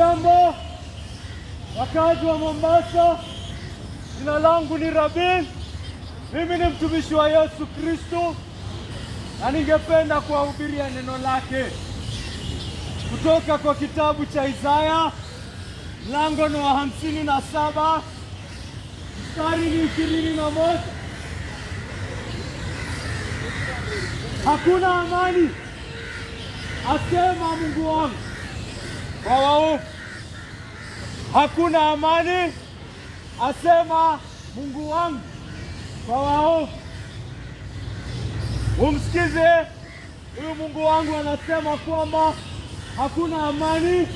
Tembo, wakazi wa Mombasa, jina langu ni Rabin. Mimi ni mtumishi wa Yesu Kristo na ningependa kuwahubiria neno lake kutoka kwa kitabu cha Isaya mlango ni wa hamsini na saba mstari ni ishirini na moja Hakuna amani, asema Mungu wangu kwa Hakuna amani, asema Mungu wangu, kwa waovu. Umsikize huyu Mungu wangu anasema kwamba hakuna amani.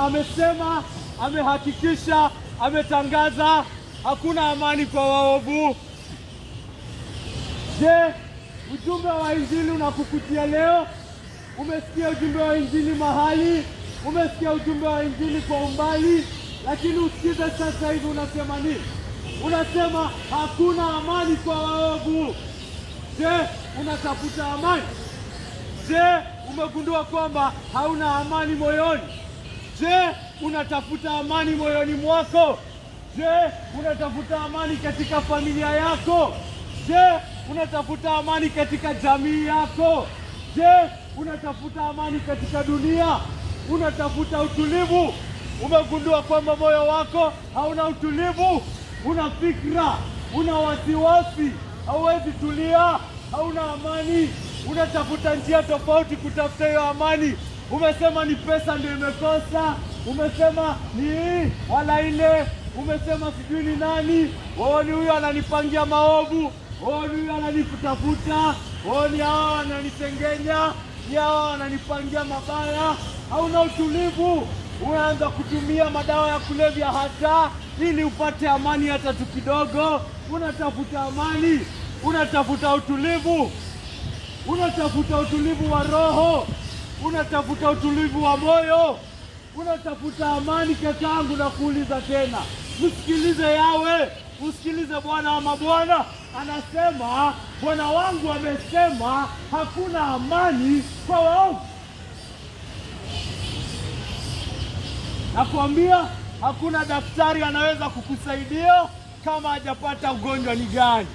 amesema, amehakikisha, ametangaza hakuna amani kwa waovu. Je, ujumbe wa injili unakukutia leo? Umesikia ujumbe wa injili mahali umesikia ujumbe wa injili kwa umbali, lakini usikize sasa hivi unasema nini? Unasema hakuna amani kwa waovu. Je, unatafuta amani? Je, umegundua kwamba hauna amani moyoni? Je, unatafuta amani moyoni mwako? Je, unatafuta amani katika familia yako? Je, unatafuta amani katika jamii yako? Je, unatafuta amani katika dunia? unatafuta utulivu, umegundua kwamba moyo wako hauna utulivu, una fikra, una wasiwasi, hauwezi tulia, hauna amani, unatafuta njia tofauti kutafuta hiyo amani. Umesema ni pesa ndio imekosa, umesema ni wala ile, umesema sijui ni nani, waoni ni huyo ananipangia maovu, waoni ni huyo ananifutafuta waoni ni hawa wananisengenya, ni hawa wananipangia mabaya hauna utulivu, unaanza kutumia madawa ya kulevya hata ili upate amani hata tu kidogo. Unatafuta amani, unatafuta utulivu, unatafuta utulivu wa roho, unatafuta utulivu wa moyo, unatafuta amani. Kakangu, nakuuliza tena, msikilize yawe, usikilize Bwana wa mabwana anasema, Bwana wangu amesema, hakuna amani kwa waovu Nakwambia hakuna daktari anaweza kukusaidia kama hajapata ugonjwa ni gani.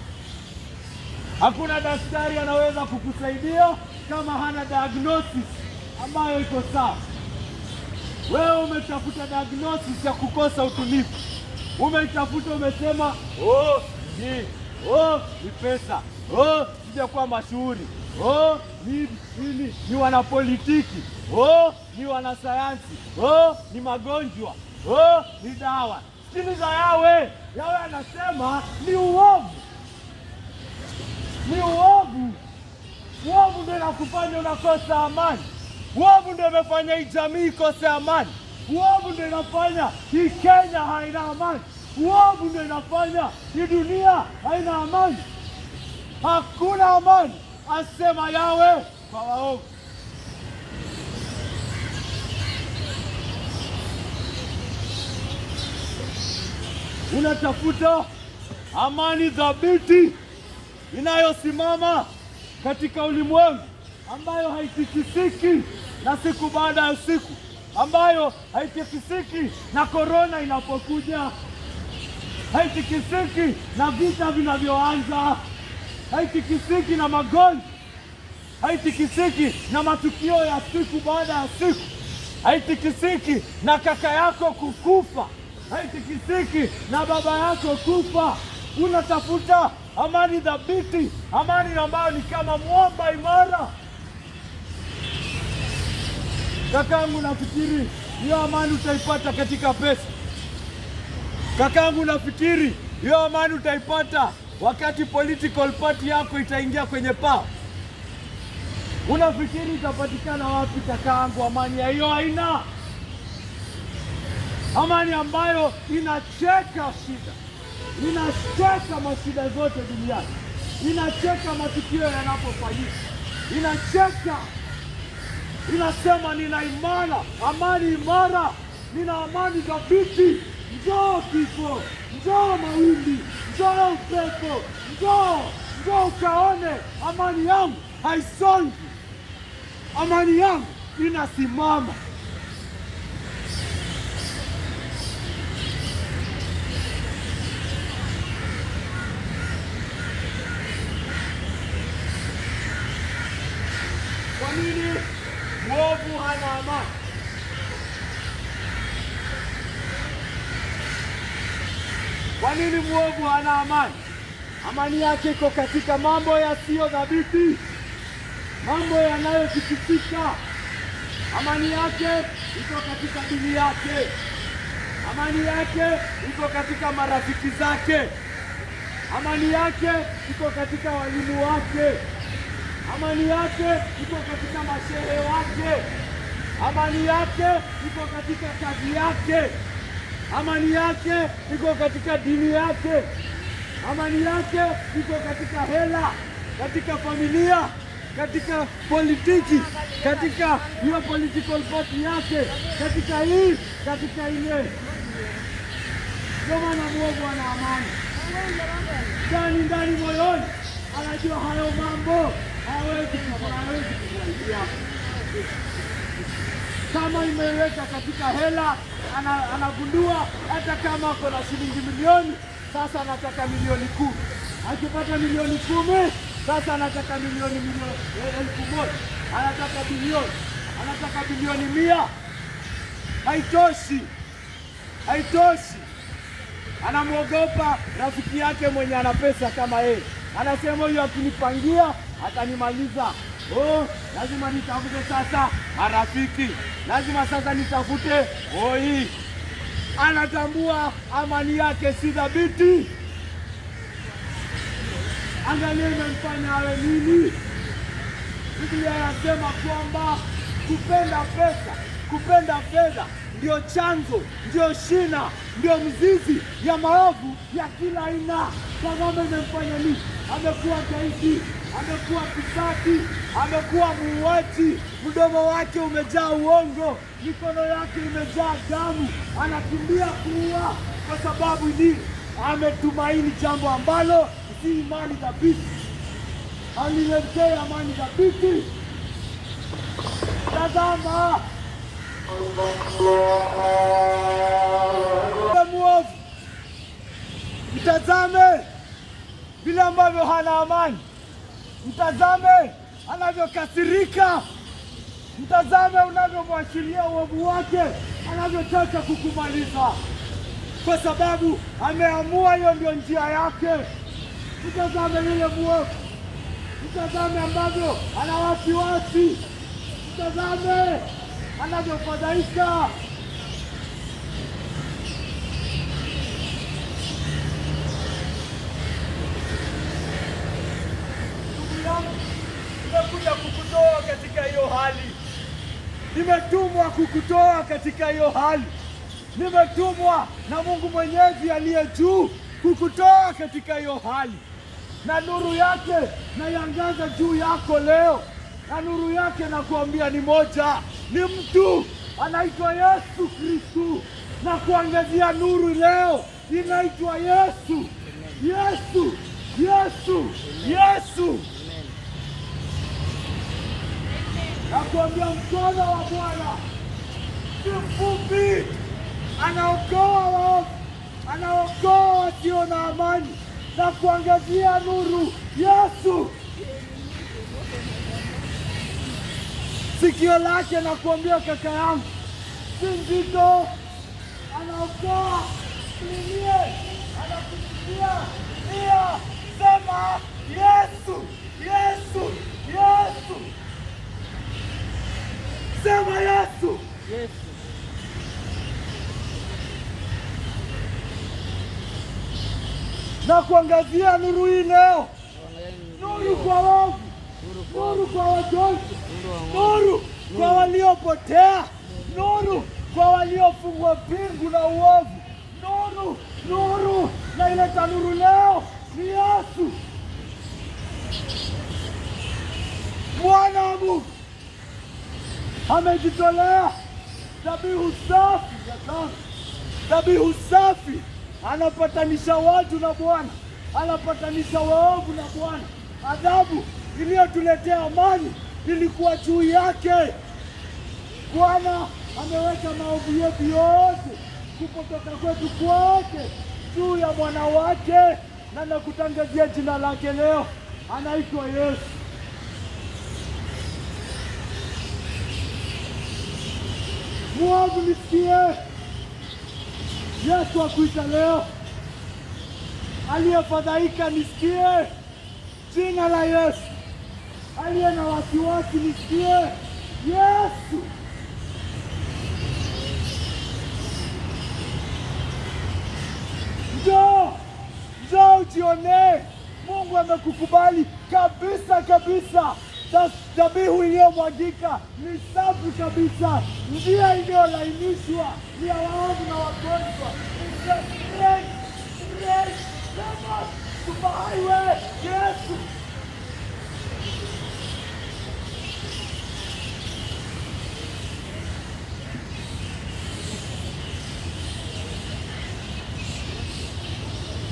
Hakuna daktari anaweza kukusaidia kama hana diagnosis ambayo iko sawa. Wewe umetafuta diagnosis ya kukosa utulivu, umeitafuta, umesema oh, ni oh, ni pesa, oh, sijakuwa mashuhuri oh, ni, ni, ni wanapolitiki oh, ni wanasayansi oh, ni magonjwa oh, ni dawa. Sikiliza Yawe. Yawe anasema ni uovu, ni uovu. Uovu ndio nakufanya unakosa amani. Uovu ndio imefanya hii jamii ikose amani. Uovu ndio inafanya hii Kenya haina amani. Uovu ndio inafanya hii dunia haina amani. Hakuna amani asema yawe kwa waovu. Unatafuta amani dhabiti inayosimama katika ulimwengu ambayo haitikisiki na siku baada ya siku, ambayo haitikisiki na korona inapokuja, haitikisiki na vita vinavyoanza haitikisiki na magonjwa, haitikisiki na matukio ya siku baada ya siku, haitikisiki na kaka yako kukufa, haitikisiki na baba yako kufa. Unatafuta amani dhabiti, amani ambayo ni kama mwamba imara. Kakangu, nafikiri hiyo amani utaipata katika pesa. Kakangu, nafikiri hiyo amani utaipata wakati political party yako itaingia kwenye paa, unafikiri itapatikana wapi Takaangu amani ya hiyo aina? Amani ambayo inacheka shida, inacheka mashida zote duniani, inacheka matukio yanapofanyika, inacheka inasema, nina imara amani imara, nina amani dhabiti njoo kifo, njoo mawimbi, njoo upepo, njoo njoo ukaone. Amani yangu haisongi, amani yangu inasimama. Kwa nini mwovu hana amani? nini mwovu hana amani? Amani yake iko katika mambo yasiyo dhabiti, mambo yanayotikitika. Amani yake iko katika dini yake, amani yake iko katika marafiki zake, amani yake iko katika walimu wake, amani yake iko katika mashehe wake, amani yake iko katika kazi yake. Amani yake iko katika dini yake, amani yake iko katika hela, katika familia, katika politiki, katika hiyo political party yake, katika hii, katika ile. Ndio maana Mungu ana amani ndani ndani moyoni, anajua hayo mambo hawezi hawezi kama imeweka katika hela anagundua hata kama ako na shilingi milioni, sasa anataka milioni kumi. Akipata milioni kumi, sasa anataka milioni eh, elfu moja, anataka bilioni, anataka bilioni mia. Haitoshi, haitoshi. Anamwogopa rafiki yake mwenye ana pesa kama yeye, anasema huyo akinipangia atanimaliza oh, lazima nitafute sasa marafiki, lazima sasa nitafute hoi. Anatambua amani yake si dhabiti. Angalia imemfanya awe nini. Biblia nasema kwamba kupenda pesa, kupenda fedha ndio chanzo, ndio shina ndio mzizi ya maovu ya kila aina. Tazama imemfanya nini? Amekuwa gaidi, amekuwa kisati amekuwa muuaji, mdomo wake umejaa uongo, mikono yake imejaa damu, anakimbia kuua kwa sababu ni ametumaini jambo ambalo si imani dhabiti, aliletea amani dhabiti. Tazama Mtazame vile ambavyo hana amani, mtazame anavyokasirika, mtazame unavyomwashiria uovu wake, anavyotaka kukumaliza, kwa sababu ameamua hiyo ndio njia yake. Mtazame yule mwovu, mtazame ambavyo ana wasiwasi, mtazame anavyofadhaika. kukutoa katika hiyo hali, nimetumwa kukutoa katika hiyo hali, nimetumwa na Mungu Mwenyezi aliye juu kukutoa katika hiyo hali, na nuru yake na juu yako leo, na nuru yake nakuambia ni moja, ni mtu anaitwa Yesu Kristu, na kuangazia nuru leo inaitwa Yesu, Yesu, Yesu, Yesu. Nakuambia mkono wa Bwana si mfupi, anaokoa waovu, anaokoa wasio na amani na kuangazia nuru. Yesu sikio lake, nakuambia kaka yangu, si nzito, anaokoa. Mlilie, anakusikia pia kuangazia nuru hii leo, nuru kwa wavu, nuru kwa wajoli, nuru kwa waliopotea, nuru kwa waliofungwa pingu na uovu, nuru, nuru na ileta nuru leo ni Yesu Mwana wa Mungu amejitolea dhabihu safi ya dhambi, dhabihu safi anapatanisha watu na Bwana, anapatanisha waovu na Bwana. Adhabu iliyotuletea amani ilikuwa juu yake. Bwana ameweka maovu yetu yote, kupotoka kwetu kwake juu ya mwana wake, na nakutangazia jina lake leo, anaitwa Yesu. Mwovu nisikie Yesu akuita leo, aliyefadhaika nisikie jina la Yesu, aliye na wasiwasi nisikie Yesu. Njoo, njoo ujionee, Mungu amekukubali kabisa kabisa. Dhabihu iliyomwagika ni safi kabisa, njia iliyolainishwa ni ya waovu na wagonjwa. Tufurahi Yesu.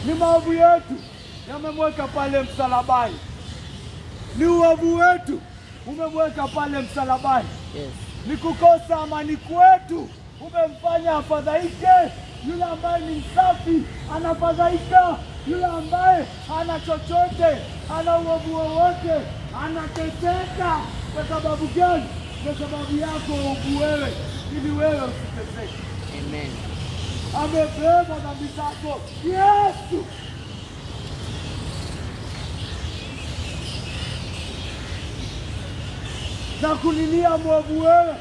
Ni maovu yetu yamemweka pale msalabani ni uovu wetu umemweka pale msalabani. Yes. Ni kukosa amani kwetu umemfanya afadhaike. Yule ambaye ni msafi anafadhaika, yule ambaye ana chochote, ana uovu wowote, anateteka Kwa sababu gani? Kwa sababu yako uovu wewe, ili wewe usiteseke. Amen. Amebeba dhambi zako Yesu. na kulilia mwovu wewe,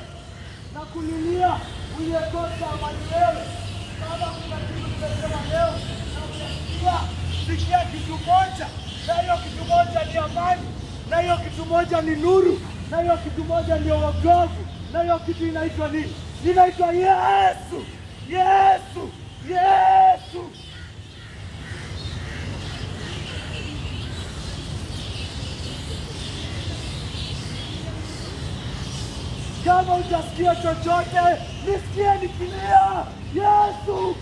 na kulilia uliyekosa amani wewe. Baba, kuna kitu tumesema leo nakusikia, sikia kitu moja, na hiyo kitu moja ni amani, na hiyo kitu moja ni nuru, na hiyo kitu moja ni wokovu, na hiyo kitu inaitwa nini? Inaitwa Yesu, Yesu, Yesu. Sitasikia chochote, nisikie nikilia Yesu.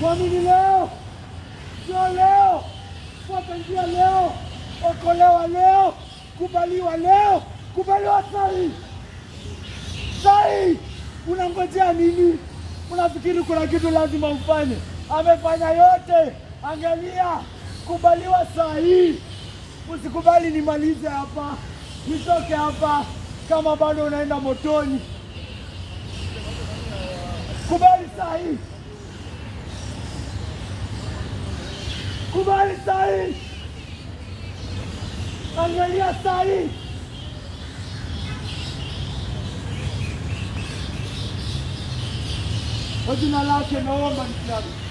Mwamini leo, sio leo, fuata njia leo, okolewa leo, kubaliwa leo, kubaliwa sai sai. Unangojea nini? Unafikiri kuna kitu lazima ufanye? amefanya yote. Angalia, kubaliwa saa hii. Usikubali nimalize hapa, nitoke hapa, kama bado unaenda motoni. Kubali saa hii, kubali saa hii. Angalia saa hii. Kwa jina lake naomba nisimame.